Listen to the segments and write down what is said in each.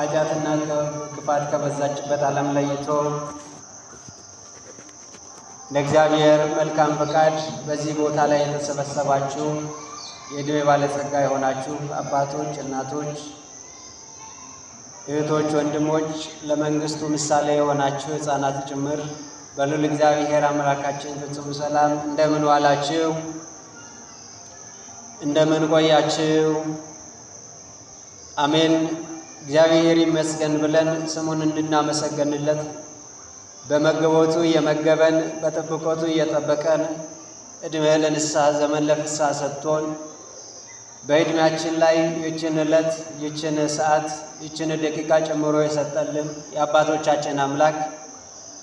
አጃትና ክፋት ከበዛችበት ዓለም ለይቶ ለእግዚአብሔር መልካም ፈቃድ በዚህ ቦታ ላይ የተሰበሰባችሁ የእድሜ ባለጸጋ የሆናችሁ አባቶች፣ እናቶች፣ እህቶች፣ ወንድሞች ለመንግስቱ ምሳሌ የሆናችሁ ህፃናት ጭምር በሉል እግዚአብሔር አምላካችን ፍጹም ሰላም እንደምን ዋላችሁ? እንደምን ቆያችሁ? አሜን። እግዚአብሔር ይመስገን ብለን ስሙን እንድናመሰገንለት በመገቦቱ የመገበን በጥብቆቱ እየጠበቀን ዕድሜ ለንስሐ ዘመን ለፍስሐ ሰጥቶን በዕድሜያችን ላይ ይችን ዕለት ይችን ሰዓት ይችን ደቂቃ ጨምሮ የሰጠልን የአባቶቻችን አምላክ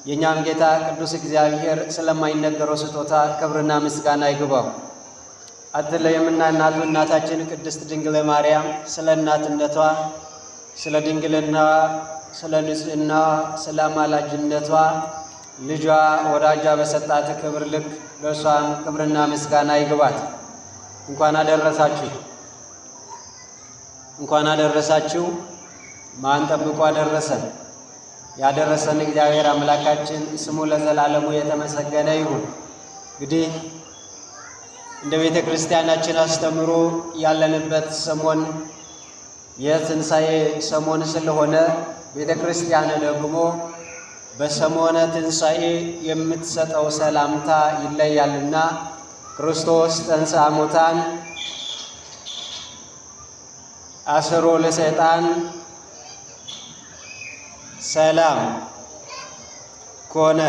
የእኛም ጌታ ቅዱስ እግዚአብሔር ስለማይነገረው ስጦታ ክብርና ምስጋና ይግባው። አትለይምና እናቱ እናታችን ቅድስት ድንግል ማርያም ስለ እናትነቷ ስለ ድንግልና፣ ስለ ንጽህና፣ ስለ አማላጅነቷ ልጇ ወዳጇ በሰጣት ክብር ልክ በእሷም ክብርና ምስጋና ይግባት። እንኳን አደረሳችሁ፣ እንኳን አደረሳችሁ። ማን ጠብቆ አደረሰን? ያደረሰን እግዚአብሔር አምላካችን ስሙ ለዘላለሙ የተመሰገነ ይሁን። እንግዲህ እንደ ቤተ ክርስቲያናችን አስተምሮ ያለንበት ሰሞን የትንሣኤ ሰሞን ስለሆነ ቤተ ክርስቲያን ደግሞ በሰሞነ ትንሣኤ የምትሰጠው ሰላምታ ይለያልና ክርስቶስ ተንሥአ እሙታን አስሮ ለሰይጣን ሰላም ኮነ።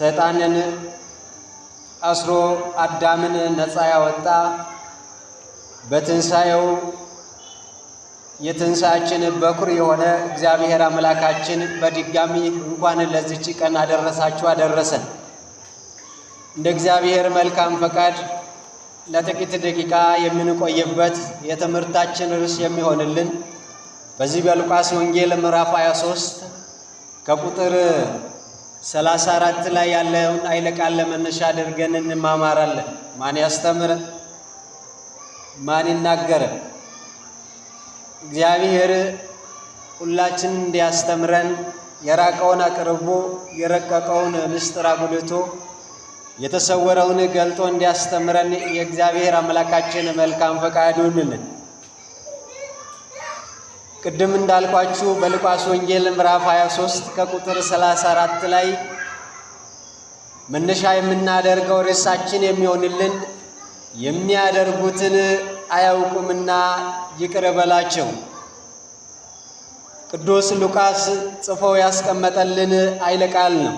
ሰይጣንን አስሮ አዳምን ነፃ ያወጣ በትንሣኤው የትንሣኤያችን በኩር የሆነ እግዚአብሔር አምላካችን በድጋሚ እንኳን ለዚች ቀን አደረሳችሁ አደረሰን። እንደ እግዚአብሔር መልካም ፈቃድ ለጥቂት ደቂቃ የምንቆይበት የትምህርታችን ርዕስ የሚሆንልን በዚህ በሉቃስ ወንጌል ምዕራፍ 23 ከቁጥር 34 ላይ ያለውን አይለቃን ለመነሻ አድርገን እንማማራለን። ማን ያስተምረን? ማን ይናገረን? እግዚአብሔር ሁላችን እንዲያስተምረን የራቀውን አቅርቦ የረቀቀውን ምስጢር አጉልቶ የተሰወረውን ገልጦ እንዲያስተምረን የእግዚአብሔር አምላካችን መልካም ፈቃድ ይሁንልን። ቅድም እንዳልኳችሁ በሉቃስ ወንጌል ምዕራፍ 23 ከቁጥር 34 ላይ መነሻ የምናደርገው ርዕሳችን የሚሆንልን የሚያደርጉትን አያውቁምና ይቅር በላቸው። ቅዱስ ሉቃስ ጽፎ ያስቀመጠልን ኃይለ ቃል ነው።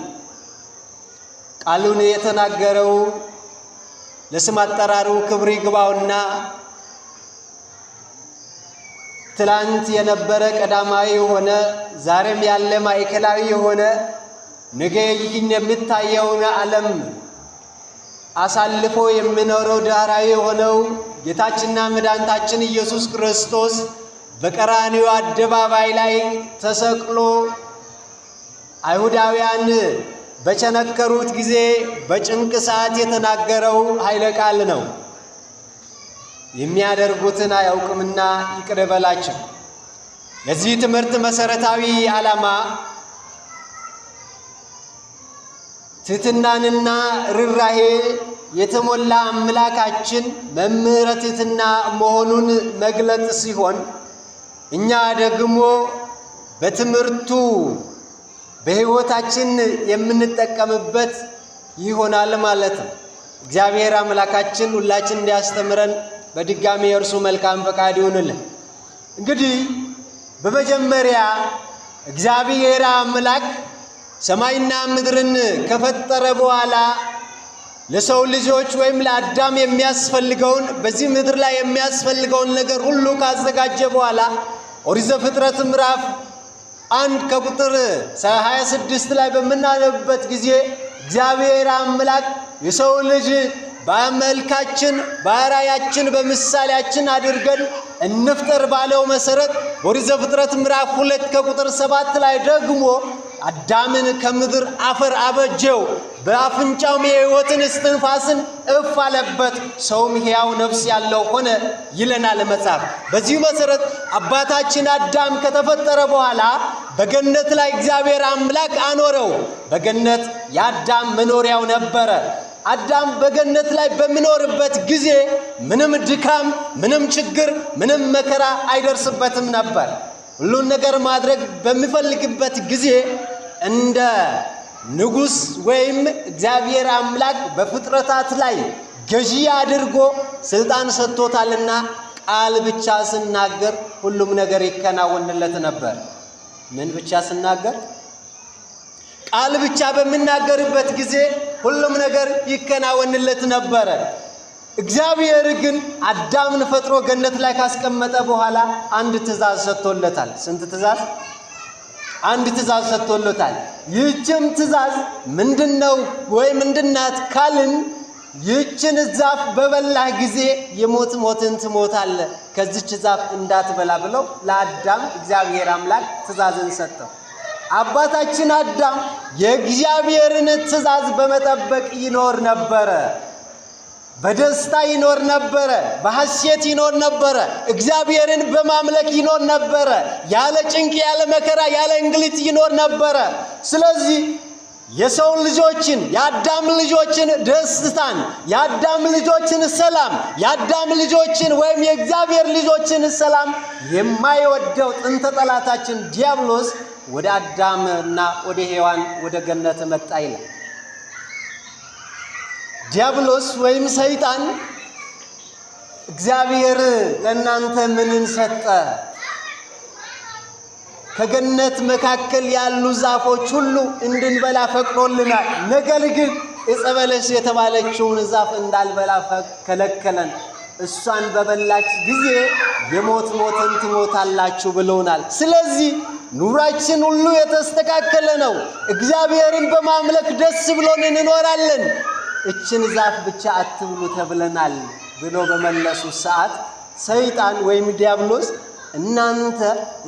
ቃሉን የተናገረው ለስም አጠራሩ ክብር ይግባውና ትላንት የነበረ ቀዳማዊ የሆነ ዛሬም ያለ ማዕከላዊ የሆነ ነገ ይህን የሚታየውን ዓለም አሳልፎ የሚኖረው ዳራዊ የሆነው ጌታችንና መድኃኒታችን ኢየሱስ ክርስቶስ በቀራኒው አደባባይ ላይ ተሰቅሎ አይሁዳውያን በቸነከሩት ጊዜ በጭንቅ ሰዓት የተናገረው ኃይለ ቃል ነው። የሚያደርጉትን አያውቅምና ይቅር በላቸው። ትምህርት መሠረታዊ ዓላማ ትሕትናንና ርራሄ የተሞላ አምላካችን መምህረ መሆኑን መግለጽ ሲሆን እኛ ደግሞ በትምህርቱ በሕይወታችን የምንጠቀምበት ይሆናል ማለት ነው። እግዚአብሔር አምላካችን ሁላችን እንዲያስተምረን በድጋሚ የእርሱ መልካም ፈቃድ ይሁንልን። እንግዲህ በመጀመሪያ እግዚአብሔር አምላክ ሰማይና ምድርን ከፈጠረ በኋላ ለሰው ልጆች ወይም ለአዳም የሚያስፈልገውን በዚህ ምድር ላይ የሚያስፈልገውን ነገር ሁሉ ካዘጋጀ በኋላ ኦሪት ዘፍጥረት ምዕራፍ አንድ ከቁጥር 26 ላይ በምናነብበት ጊዜ እግዚአብሔር አምላክ የሰው ልጅ በመልካችን በራያችን በምሳሌያችን አድርገን እንፍጠር ባለው መሰረት ኦሪት ዘፍጥረት ምዕራፍ ሁለት ከቁጥር ሰባት ላይ ደግሞ አዳምን ከምድር አፈር አበጀው፣ በአፍንጫውም የሕይወትን እስትንፋስን እፍ አለበት፣ ሰውም ሕያው ነፍስ ያለው ሆነ ይለናል መጽሐፍ። በዚሁ መሠረት አባታችን አዳም ከተፈጠረ በኋላ በገነት ላይ እግዚአብሔር አምላክ አኖረው። በገነት የአዳም መኖሪያው ነበረ። አዳም በገነት ላይ በሚኖርበት ጊዜ ምንም ድካም፣ ምንም ችግር፣ ምንም መከራ አይደርስበትም ነበር። ሁሉን ነገር ማድረግ በሚፈልግበት ጊዜ እንደ ንጉሥ ወይም እግዚአብሔር አምላክ በፍጥረታት ላይ ገዢ አድርጎ ስልጣን ሰጥቶታልና ቃል ብቻ ስናገር ሁሉም ነገር ይከናወንለት ነበር። ምን ብቻ ስናገር? ቃል ብቻ በምናገርበት ጊዜ ሁሉም ነገር ይከናወንለት ነበረ። እግዚአብሔር ግን አዳምን ፈጥሮ ገነት ላይ ካስቀመጠ በኋላ አንድ ትእዛዝ ሰጥቶለታል። ስንት ትእዛዝ? አንድ ትእዛዝ ሰጥቶሎታል። ይህችም ትእዛዝ ምንድን ነው ወይ ምንድናት ካልን ይህችን ዛፍ በበላህ ጊዜ የሞት ሞትን ትሞታለህ፣ ከዚች ዛፍ እንዳትበላ ብለው ለአዳም እግዚአብሔር አምላክ ትእዛዝን ሰጠው። አባታችን አዳም የእግዚአብሔርን ትእዛዝ በመጠበቅ ይኖር ነበረ። በደስታ ይኖር ነበረ፣ በሐሴት ይኖር ነበረ፣ እግዚአብሔርን በማምለክ ይኖር ነበረ፣ ያለ ጭንቅ፣ ያለ መከራ፣ ያለ እንግልት ይኖር ነበረ። ስለዚህ የሰው ልጆችን የአዳም ልጆችን ደስታን የአዳም ልጆችን ሰላም የአዳም ልጆችን ወይም የእግዚአብሔር ልጆችን ሰላም የማይወደው ጥንተ ጠላታችን ዲያብሎስ ወደ አዳምና ወደ ሔዋን ወደ ገነት መጣ ይላል። ዲያብሎስ ወይም ሰይጣን እግዚአብሔር ለእናንተ ምንን ሰጠ? ከገነት መካከል ያሉ ዛፎች ሁሉ እንድንበላ ፈቅዶልናል። ነገር ግን ዕፀ በለስ የተባለችውን ዛፍ እንዳልበላ ከለከለን። እሷን በበላች ጊዜ የሞት ሞትን ትሞታላችሁ ብሎናል። ስለዚህ ኑራችን ሁሉ የተስተካከለ ነው። እግዚአብሔርን በማምለክ ደስ ብሎን እንኖራለን። እችን ዛፍ ብቻ አትብሉ ተብለናል ብሎ በመለሱ ሰዓት ሰይጣን ወይም ዲያብሎስ እናንተ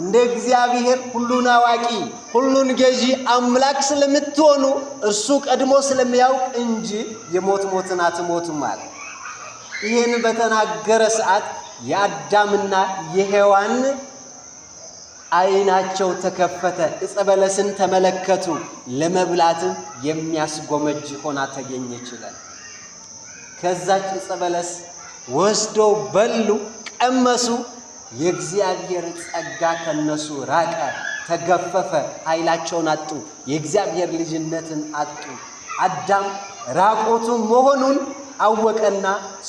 እንደ እግዚአብሔር ሁሉን አዋቂ ሁሉን ገዢ አምላክ ስለምትሆኑ እርሱ ቀድሞ ስለሚያውቅ እንጂ የሞት ሞትን አትሞቱም አለ። ይህን በተናገረ ሰዓት የአዳምና የሔዋን አይናቸው ተከፈተ፣ እጸበለስን በለስን ተመለከቱ፣ ለመብላትም የሚያስጎመጅ ሆና ተገኘች ይላል። ከዛች ዕፀ በለስ ወስደው በሉ፣ ቀመሱ። የእግዚአብሔር ጸጋ ከነሱ ራቀ፣ ተገፈፈ፣ ኃይላቸውን አጡ፣ የእግዚአብሔር ልጅነትን አጡ። አዳም ራቆቱ መሆኑን አወቀና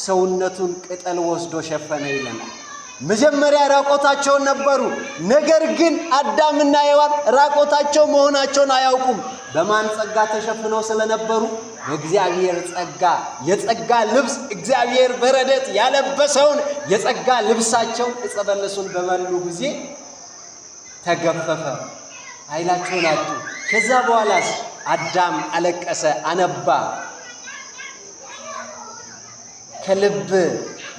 ሰውነቱን ቅጠል ወስዶ ሸፈነ ይለናል። መጀመሪያ ራቆታቸውን ነበሩ። ነገር ግን አዳምና ሔዋን ራቆታቸው መሆናቸውን አያውቁም። በማን ጸጋ ተሸፍነው ስለነበሩ? በእግዚአብሔር ጸጋ። የጸጋ ልብስ እግዚአብሔር በረደት ያለበሰውን የጸጋ ልብሳቸው ዕፀ በለሱን በበሉ ጊዜ ተገፈፈ፣ ኃይላቸውን አጡ። ከዛ በኋላስ አዳም አለቀሰ፣ አነባ ከልብ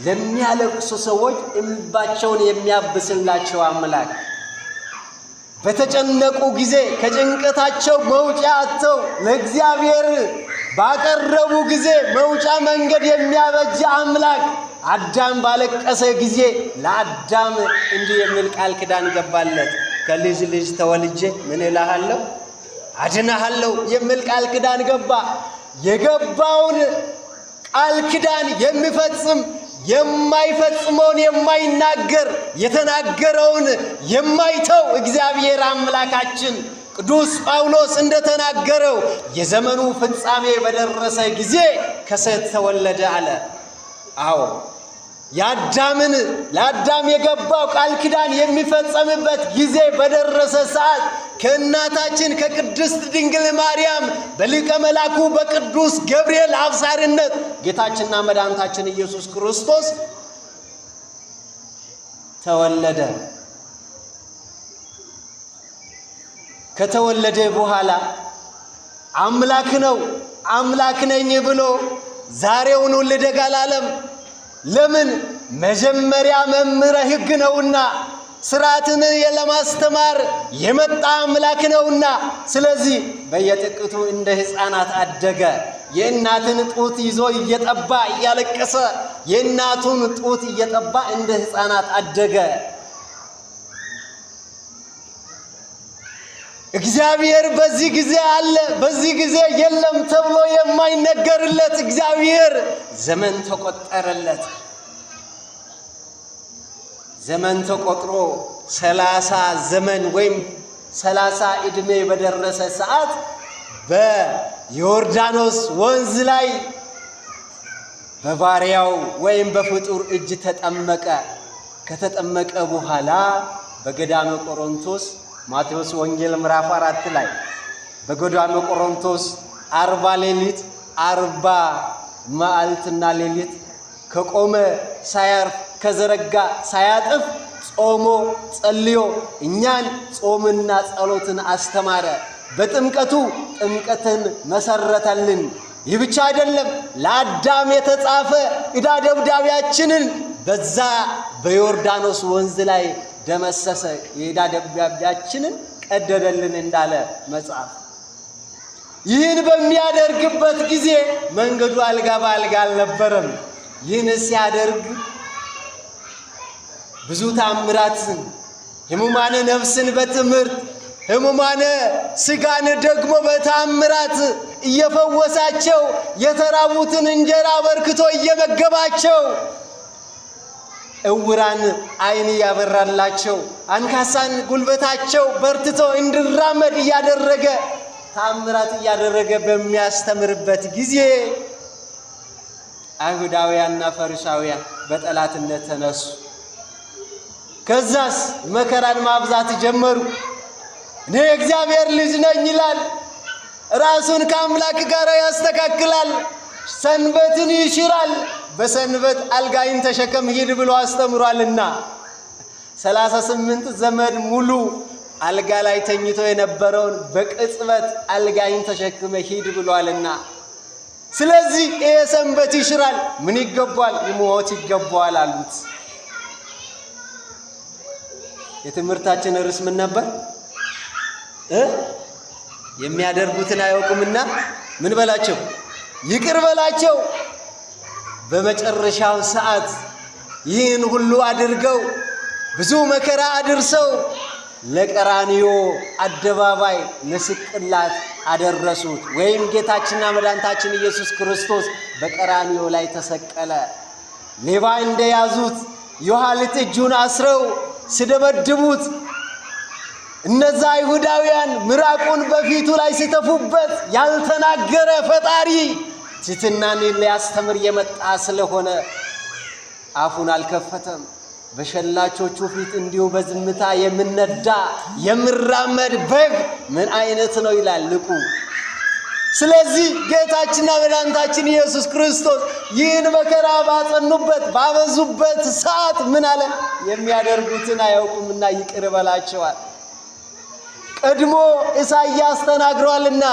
ለሚያለቅሱ ሰዎች እምባቸውን የሚያብስላቸው አምላክ በተጨነቁ ጊዜ ከጭንቀታቸው መውጫ አጥተው ለእግዚአብሔር ባቀረቡ ጊዜ መውጫ መንገድ የሚያበጅ አምላክ አዳም ባለቀሰ ጊዜ ለአዳም እንዲህ የሚል ቃል ክዳን ገባለት። ከልጅ ልጅ ተወልጄ ምን እልሃለሁ አድናሃለሁ የሚል ቃል ክዳን ገባ። የገባውን ቃል ክዳን የሚፈጽም የማይፈጽመውን የማይናገር የተናገረውን የማይተው እግዚአብሔር አምላካችን ቅዱስ ጳውሎስ እንደተናገረው የዘመኑ ፍጻሜ በደረሰ ጊዜ ከሴት ተወለደ አለ። አዎ የአዳምን ለአዳም የገባው ቃል ኪዳን የሚፈጸምበት ጊዜ በደረሰ ሰዓት ከእናታችን ከቅድስት ድንግል ማርያም በሊቀ መላኩ በቅዱስ ገብርኤል አብሳሪነት ጌታችንና መድኃኒታችን ኢየሱስ ክርስቶስ ተወለደ። ከተወለደ በኋላ አምላክ ነው አምላክ ነኝ ብሎ ዛሬውን ውልደግ አላለም። ለምን መጀመሪያ መምህረ ሕግ ነውና ስርዓትን ለማስተማር የመጣ አምላክ ነውና። ስለዚህ በየጥቂቱ እንደ ሕፃናት አደገ። የእናትን ጡት ይዞ እየጠባ እያለቀሰ የእናቱን ጡት እየጠባ እንደ ሕፃናት አደገ። እግዚአብሔር በዚህ ጊዜ አለ፣ በዚህ ጊዜ የለም ተብሎ የማይነገርለት እግዚአብሔር ዘመን ተቆጠረለት። ዘመን ተቆጥሮ ሰላሳ ዘመን ወይም ሰላሳ ዕድሜ በደረሰ ሰዓት በዮርዳኖስ ወንዝ ላይ በባሪያው ወይም በፍጡር እጅ ተጠመቀ። ከተጠመቀ በኋላ በገዳመ ቆሮንቶስ ማቴዎስ ወንጌል ምዕራፍ አራት ላይ በገዳመ ቆሮንቶስ አርባ ሌሊት አርባ መዓልትና ሌሊት ከቆመ ሳያርፍ ከዘረጋ ሳያጥፍ ጾሞ ጸልዮ እኛን ጾምና ጸሎትን አስተማረ። በጥምቀቱ ጥምቀትን መሰረተልን። ይህ ብቻ አይደለም፣ ለአዳም የተጻፈ ዕዳ ደብዳቤያችንን በዛ በዮርዳኖስ ወንዝ ላይ ደመሰሰ፣ የዕዳ ደብዳቤያችንን ቀደደልን እንዳለ መጽሐፍ። ይህን በሚያደርግበት ጊዜ መንገዱ አልጋ በአልጋ አልነበረም። ይህን ሲያደርግ ብዙ ታምራትን ሕሙማነ ነፍስን በትምህርት ሕሙማነ ስጋን ደግሞ በታምራት እየፈወሳቸው የተራቡትን እንጀራ አበርክቶ እየመገባቸው እውራን አይን እያበራላቸው! አንካሳን ጉልበታቸው በርትቶ እንዲራመድ እያደረገ ታምራት እያደረገ በሚያስተምርበት ጊዜ አይሁዳውያንና ፈሪሳውያን በጠላትነት ተነሱ። ከዛስ መከራን ማብዛት ጀመሩ። እኔ እግዚአብሔር ልጅ ነኝ ይላል። ራሱን ከአምላክ ጋር ያስተካክላል። ሰንበትን ይሽራል። በሰንበት አልጋይን ተሸከም ሂድ ብሎ አስተምሯልና ሰላሳ ስምንት ዘመን ሙሉ አልጋ ላይ ተኝቶ የነበረውን በቅጽበት አልጋይን ተሸክመ ሂድ ብሏልና ስለዚህ ይሄ ሰንበት ይሽራል፣ ምን ይገባል? ይሞት ይገባዋል አሉት። የትምህርታችን ርዕስ ምን ነበር? የሚያደርጉትን አያውቁምና ምን በላቸው፣ ይቅር በላቸው። በመጨረሻው ሰዓት ይህን ሁሉ አድርገው ብዙ መከራ አድርሰው ለቀራንዮ አደባባይ ምስቅላት አደረሱት። ወይም ጌታችንና መድኃኒታችን ኢየሱስ ክርስቶስ በቀራንዮ ላይ ተሰቀለ። ሌባ እንደያዙት የኋሊት እጁን አስረው ስደበድቡት፣ እነዛ አይሁዳውያን ምራቁን በፊቱ ላይ ሲተፉበት ያልተናገረ ፈጣሪ ትትናን ሊያስተምር የመጣ ስለሆነ አፉን አልከፈተም። በሸላቾቹ ፊት እንዲሁ በዝምታ የምነዳ የምራመድ በግ ምን አይነት ነው ይላል ልቁ። ስለዚህ ጌታችንና መድኃኒታችን ኢየሱስ ክርስቶስ ይህን መከራ ባጸኑበት ባበዙበት ሰዓት ምን አለ? የሚያደርጉትን አያውቁምና ይቅር በላቸዋል። ቀድሞ ኢሳያስ ተናግሯልና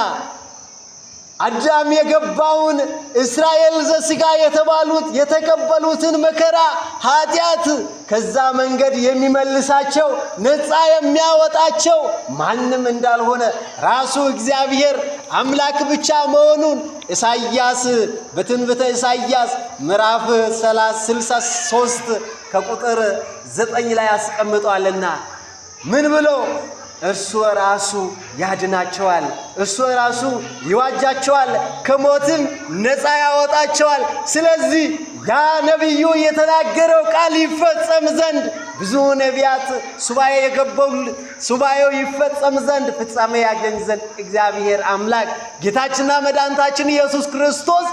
አዳም የገባውን እስራኤል ዘስጋ የተባሉት የተቀበሉትን መከራ ኃጢአት ከዛ መንገድ የሚመልሳቸው ነፃ የሚያወጣቸው ማንም እንዳልሆነ ራሱ እግዚአብሔር አምላክ ብቻ መሆኑን ኢሳይያስ በትንብተ ኢሳይያስ ምዕራፍ 63 ከቁጥር 9 ላይ አስቀምጧልና ምን ብሎ እርሱ ራሱ ያድናቸዋል። እርሱ ራሱ ይዋጃቸዋል፣ ከሞትም ነፃ ያወጣቸዋል። ስለዚህ ያ ነቢዩ የተናገረው ቃል ይፈጸም ዘንድ ብዙ ነቢያት ሱባኤ የገበሉ ሱባኤው ይፈጸም ዘንድ ፍጻሜ ያገኝ ዘንድ እግዚአብሔር አምላክ ጌታችንና መድኃኒታችን ኢየሱስ ክርስቶስ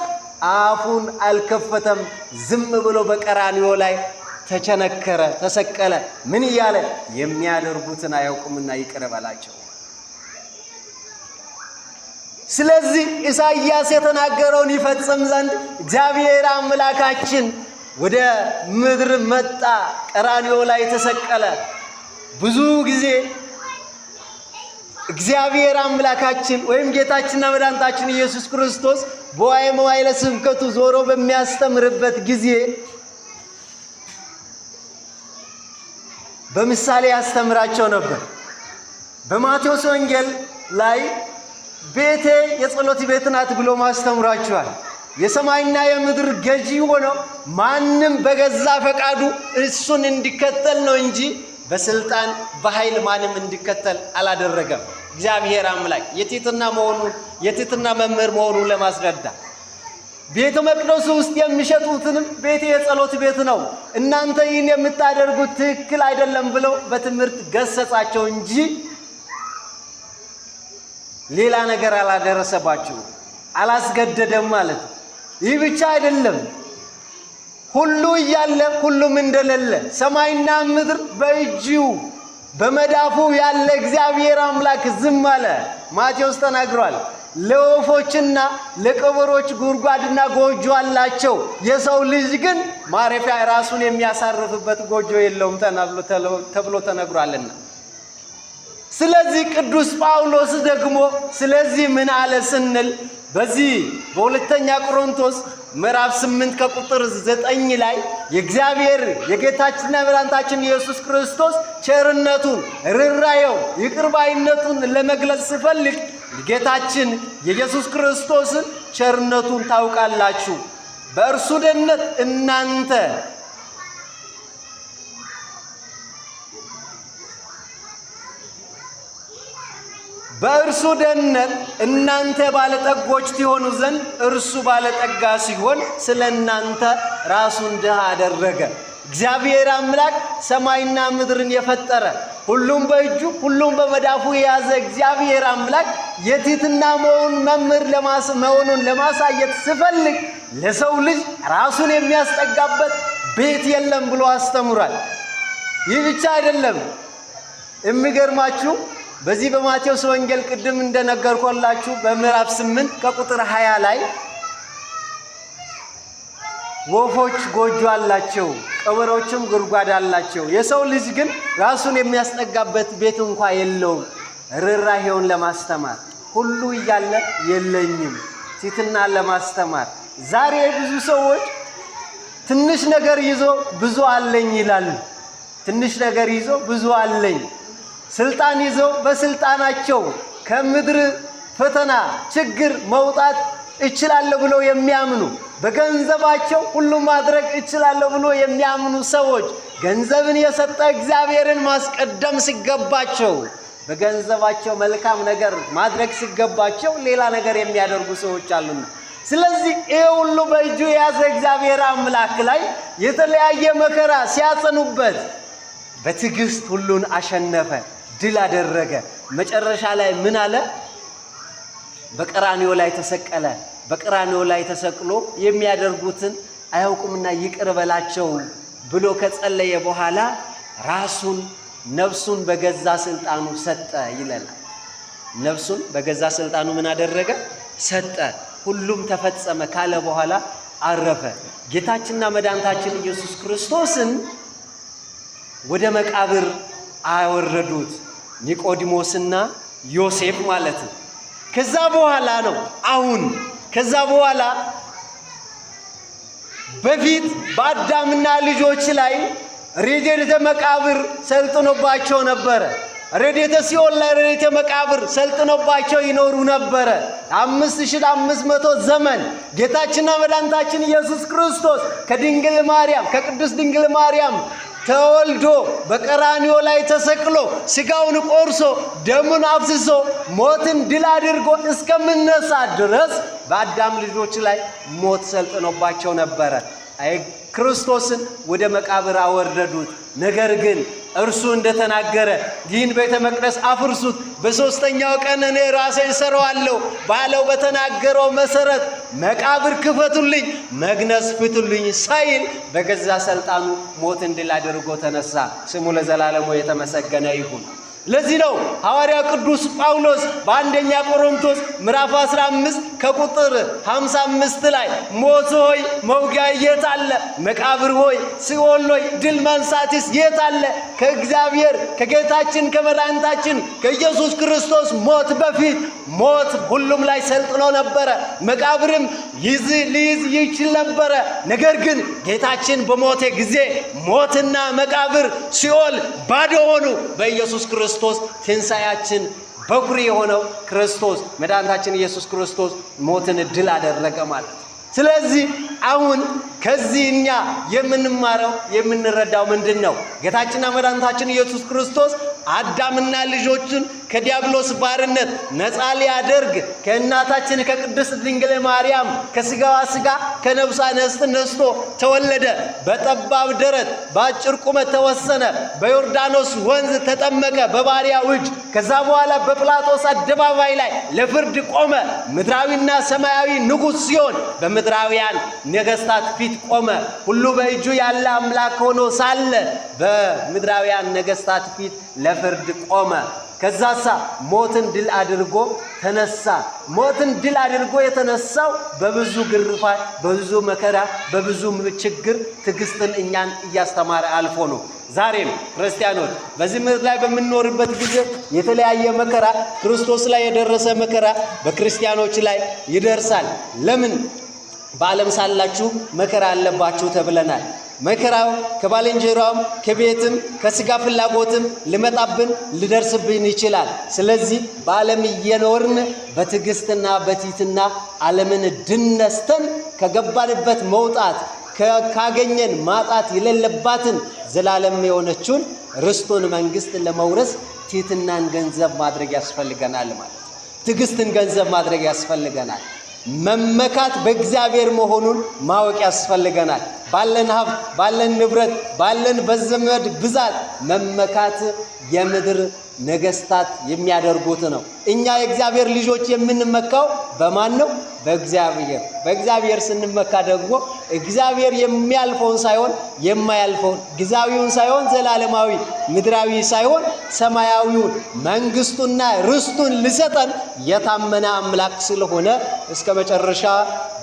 አፉን አልከፈተም። ዝም ብሎ በቀራንዮ ላይ ተቸነከረ፣ ተሰቀለ፣ ምን እያለ የሚያደርጉትን አያውቁምና ይቅር በላቸው። ስለዚህ ኢሳይያስ የተናገረውን ይፈጽም ዘንድ እግዚአብሔር አምላካችን ወደ ምድር መጣ፣ ቀራንዮ ላይ ተሰቀለ። ብዙ ጊዜ እግዚአብሔር አምላካችን ወይም ጌታችንና መድኃኒታችን ኢየሱስ ክርስቶስ በዋይ መዋይለ ስብከቱ ዞሮ በሚያስተምርበት ጊዜ በምሳሌ ያስተምራቸው ነበር። በማቴዎስ ወንጌል ላይ ቤቴ የጸሎት ቤት ናት ብሎ ማስተምሯቸዋል። የሰማይና የምድር ገዢ ሆነው ማንም በገዛ ፈቃዱ እሱን እንዲከተል ነው እንጂ በስልጣን በኃይል ማንም እንዲከተል አላደረገም። እግዚአብሔር አምላክ የትህትና መሆኑን የትህትና መምህር መሆኑን ለማስረዳት ቤተ መቅደሱ ውስጥ የሚሸጡትንም ቤቴ የጸሎት ቤት ነው፣ እናንተ ይህን የምታደርጉት ትክክል አይደለም ብለው በትምህርት ገሰጻቸው እንጂ ሌላ ነገር አላደረሰባቸው፣ አላስገደደም ማለት ነው። ይህ ብቻ አይደለም። ሁሉ እያለ ሁሉም እንደሌለ ሰማይና ምድር በእጁ በመዳፉ ያለ እግዚአብሔር አምላክ ዝም አለ። ማቴዎስ ተናግሯል። ለወፎችና ለቀበሮች ጉድጓድና ጎጆ አላቸው። የሰው ልጅ ግን ማረፊያ ራሱን የሚያሳርፍበት ጎጆ የለውም ተብሎ ተነግሯልና። ስለዚህ ቅዱስ ጳውሎስ ደግሞ ስለዚህ ምን አለ ስንል በዚህ በሁለተኛ ቆሮንቶስ ምዕራፍ 8 ከቁጥር 9 ላይ የእግዚአብሔር የጌታችንና መድኃኒታችን ኢየሱስ ክርስቶስ ቸርነቱን፣ ርኅራኄውን፣ ይቅርባይነቱን ለመግለጽ ስፈልግ ጌታችን የኢየሱስ ክርስቶስን ቸርነቱን ታውቃላችሁ። በእርሱ ደህንነት እናንተ በእርሱ ደህንነት እናንተ ባለጠጎች ትሆኑ ዘንድ እርሱ ባለጠጋ ሲሆን ስለ እናንተ ራሱን ድሃ አደረገ። እግዚአብሔር አምላክ ሰማይና ምድርን የፈጠረ ሁሉም በእጁ ሁሉም በመዳፉ የያዘ እግዚአብሔር አምላክ የቲትና መሆኑን መምህር መሆኑን ለማሳየት ስፈልግ ለሰው ልጅ ራሱን የሚያስጠጋበት ቤት የለም ብሎ አስተምሯል። ይህ ብቻ አይደለም። የሚገርማችሁ በዚህ በማቴዎስ ወንጌል ቅድም እንደነገርኩላችሁ በምዕራፍ 8 ከቁጥር 20 ላይ ወፎች ጎጆ አላቸው፣ ቀበሮችም ጉድጓድ አላቸው። የሰው ልጅ ግን ራሱን የሚያስጠጋበት ቤት እንኳ የለውም። ርኅራኄውን ለማስተማር ሁሉ እያለ የለኝም ቲትና ለማስተማር ዛሬ ብዙ ሰዎች ትንሽ ነገር ይዞ ብዙ አለኝ ይላሉ። ትንሽ ነገር ይዞ ብዙ አለኝ፣ ስልጣን ይዘው በስልጣናቸው ከምድር ፈተና ችግር መውጣት እችላለሁ ብለው የሚያምኑ በገንዘባቸው ሁሉም ማድረግ እችላለሁ ብሎ የሚያምኑ ሰዎች ገንዘብን የሰጠ እግዚአብሔርን ማስቀደም ሲገባቸው፣ በገንዘባቸው መልካም ነገር ማድረግ ሲገባቸው ሌላ ነገር የሚያደርጉ ሰዎች አሉና ስለዚህ ይህ ሁሉ በእጁ የያዘ እግዚአብሔር አምላክ ላይ የተለያየ መከራ ሲያጸኑበት በትዕግስት ሁሉን አሸነፈ፣ ድል አደረገ። መጨረሻ ላይ ምን አለ? በቀራንዮ ላይ ተሰቀለ። በቀራንዮ ላይ ተሰቅሎ የሚያደርጉትን አያውቁምና ይቅር በላቸው ብሎ ከጸለየ በኋላ ራሱን ነፍሱን በገዛ ስልጣኑ ሰጠ ይለናል። ነፍሱን በገዛ ስልጣኑ ምን አደረገ? ሰጠ። ሁሉም ተፈጸመ ካለ በኋላ አረፈ። ጌታችንና መድኃኒታችን ኢየሱስ ክርስቶስን ወደ መቃብር አወረዱት። ኒቆዲሞስና ዮሴፍ ማለት ነው። ከዛ በኋላ ነው አሁን ከዛ በኋላ በፊት በአዳምና ልጆች ላይ ሬዴተ መቃብር ሰልጥኖባቸው ነበረ። ሬዴተ ሲኦል ላይ ሬዴተ መቃብር ሰልጥኖባቸው ይኖሩ ነበረ። አምስት አምስት መቶ ዘመን ጌታችንና መድኃኒታችን ኢየሱስ ክርስቶስ ከድንግል ማርያም ከቅድስት ድንግል ማርያም ተወልዶ በቀራኒዮ ላይ ተሰቅሎ ስጋውን ቆርሶ ደሙን አፍስሶ ሞትን ድል አድርጎ እስከምነሳ ድረስ በአዳም ልጆች ላይ ሞት ሰልጥኖባቸው ነበረ። ክርስቶስን ወደ መቃብር አወረዱት። ነገር ግን እርሱ እንደተናገረ ይህን ቤተ መቅደስ አፍርሱት፣ በሦስተኛው ቀን እኔ ራሴ እሰራዋለሁ ባለው በተናገረው መሰረት መቃብር ክፈቱልኝ፣ መግነዝ ፍቱልኝ ሳይል በገዛ ሰልጣኑ ሞት እንድል አድርጎ ተነሳ። ስሙ ለዘላለሙ የተመሰገነ ይሁን። ለዚህ ነው ሐዋርያ ቅዱስ ጳውሎስ በአንደኛ ቆሮንቶስ ምዕራፍ 15 ከቁጥር 55 ላይ ሞት ሆይ መውጊያ የት አለ? መቃብር ሆይ ሲኦል ሆይ ድል መንሳትስ የት አለ? ከእግዚአብሔር ከጌታችን ከመድኃኒታችን ከኢየሱስ ክርስቶስ ሞት በፊት ሞት ሁሉም ላይ ሰልጥኖ ነበረ። መቃብርም ይዝ ሊይዝ ይችል ነበረ። ነገር ግን ጌታችን በሞቴ ጊዜ ሞትና መቃብር ሲኦል ባዶ ሆኑ በኢየሱስ ክርስቶስ ክርስቶስ ትንሣያችን በኩር የሆነው ክርስቶስ መድኃኒታችን ኢየሱስ ክርስቶስ ሞትን ድል አደረገ ማለት። ስለዚህ አሁን ከዚህ እኛ የምንማረው የምንረዳው ምንድን ነው? ጌታችንና መድኃኒታችን ኢየሱስ ክርስቶስ አዳምና ልጆቹን ከዲያብሎስ ባርነት ነፃ ሊያደርግ ከእናታችን ከቅድስት ድንግል ማርያም ከስጋዋ ስጋ ከነብሷ ነስት ነስቶ ተወለደ። በጠባብ ደረት በአጭር ቁመት ተወሰነ። በዮርዳኖስ ወንዝ ተጠመቀ በባሪያ እጅ። ከዛ በኋላ በጵላጦስ አደባባይ ላይ ለፍርድ ቆመ። ምድራዊና ሰማያዊ ንጉሥ ሲሆን በምድራውያን ነገስታት ፊት ቆመ። ሁሉ በእጁ ያለ አምላክ ሆኖ ሳለ በምድራውያን ነገስታት ፊት ለፍርድ ቆመ። ከዛሳ ሞትን ድል አድርጎ ተነሳ። ሞትን ድል አድርጎ የተነሳው በብዙ ግርፋት፣ በብዙ መከራ፣ በብዙ ችግር ትዕግስትን እኛን እያስተማረ አልፎ ነው። ዛሬም ክርስቲያኖች በዚህ ምድር ላይ በምንኖርበት ጊዜ የተለያየ መከራ ክርስቶስ ላይ የደረሰ መከራ በክርስቲያኖች ላይ ይደርሳል። ለምን? በዓለም ሳላችሁ መከራ አለባችሁ ተብለናል። መከራው ከባልንጀራውም ከቤትም ከስጋ ፍላጎትም ልመጣብን ሊደርስብን ይችላል። ስለዚህ በዓለም እየኖርን በትዕግስትና በቲትና ዓለምን ድነስተን ነስተን ከገባንበት መውጣት ካገኘን ማጣት የሌለባትን ዘላለም የሆነችውን ርስቱን መንግስት ለመውረስ ቲትናን ገንዘብ ማድረግ ያስፈልገናል ማለት ትዕግስትን ገንዘብ ማድረግ ያስፈልገናል። መመካት በእግዚአብሔር መሆኑን ማወቅ ያስፈልገናል። ባለን ሀብት፣ ባለን ንብረት፣ ባለን በዘመድ ብዛት መመካት የምድር ነገስታት የሚያደርጉት ነው። እኛ የእግዚአብሔር ልጆች የምንመካው በማን ነው? በእግዚአብሔር። በእግዚአብሔር ስንመካ ደግሞ እግዚአብሔር የሚያልፈውን ሳይሆን የማያልፈውን ጊዜያዊውን ሳይሆን ዘላለማዊ፣ ምድራዊ ሳይሆን ሰማያዊውን መንግስቱና ርስቱን ልሰጠን የታመነ አምላክ ስለሆነ እስከ መጨረሻ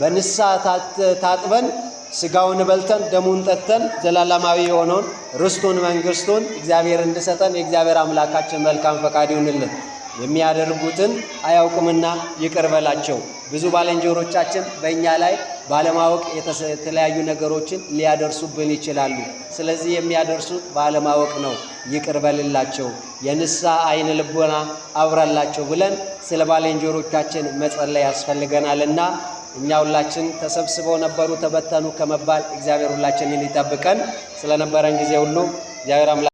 በንስሐ ታጥበን ስጋውን በልተን ደሙን ጠጥተን ዘላለማዊ የሆነውን ርስቱን መንግስቱን እግዚአብሔር እንዲሰጠን የእግዚአብሔር አምላካችን መልካም ፈቃድ ይሁንልን። የሚያደርጉትን አያውቁምና ይቅርበላቸው ብዙ ባልንጀሮቻችን በእኛ ላይ ባለማወቅ የተለያዩ ነገሮችን ሊያደርሱብን ይችላሉ። ስለዚህ የሚያደርሱት ባለማወቅ ነው። ይቅርበልላቸው የንሳ የንስሐ አይን ልቦና አብራላቸው ብለን ስለ ባልንጀሮቻችን መጸለይ ያስፈልገናልና እኛ ሁላችን ተሰብስበው ነበሩ ተበተኑ ከመባል እግዚአብሔር ሁላችንን ይጠብቀን። ስለነበረን ጊዜ ሁሉ እግዚአብሔር አምላክ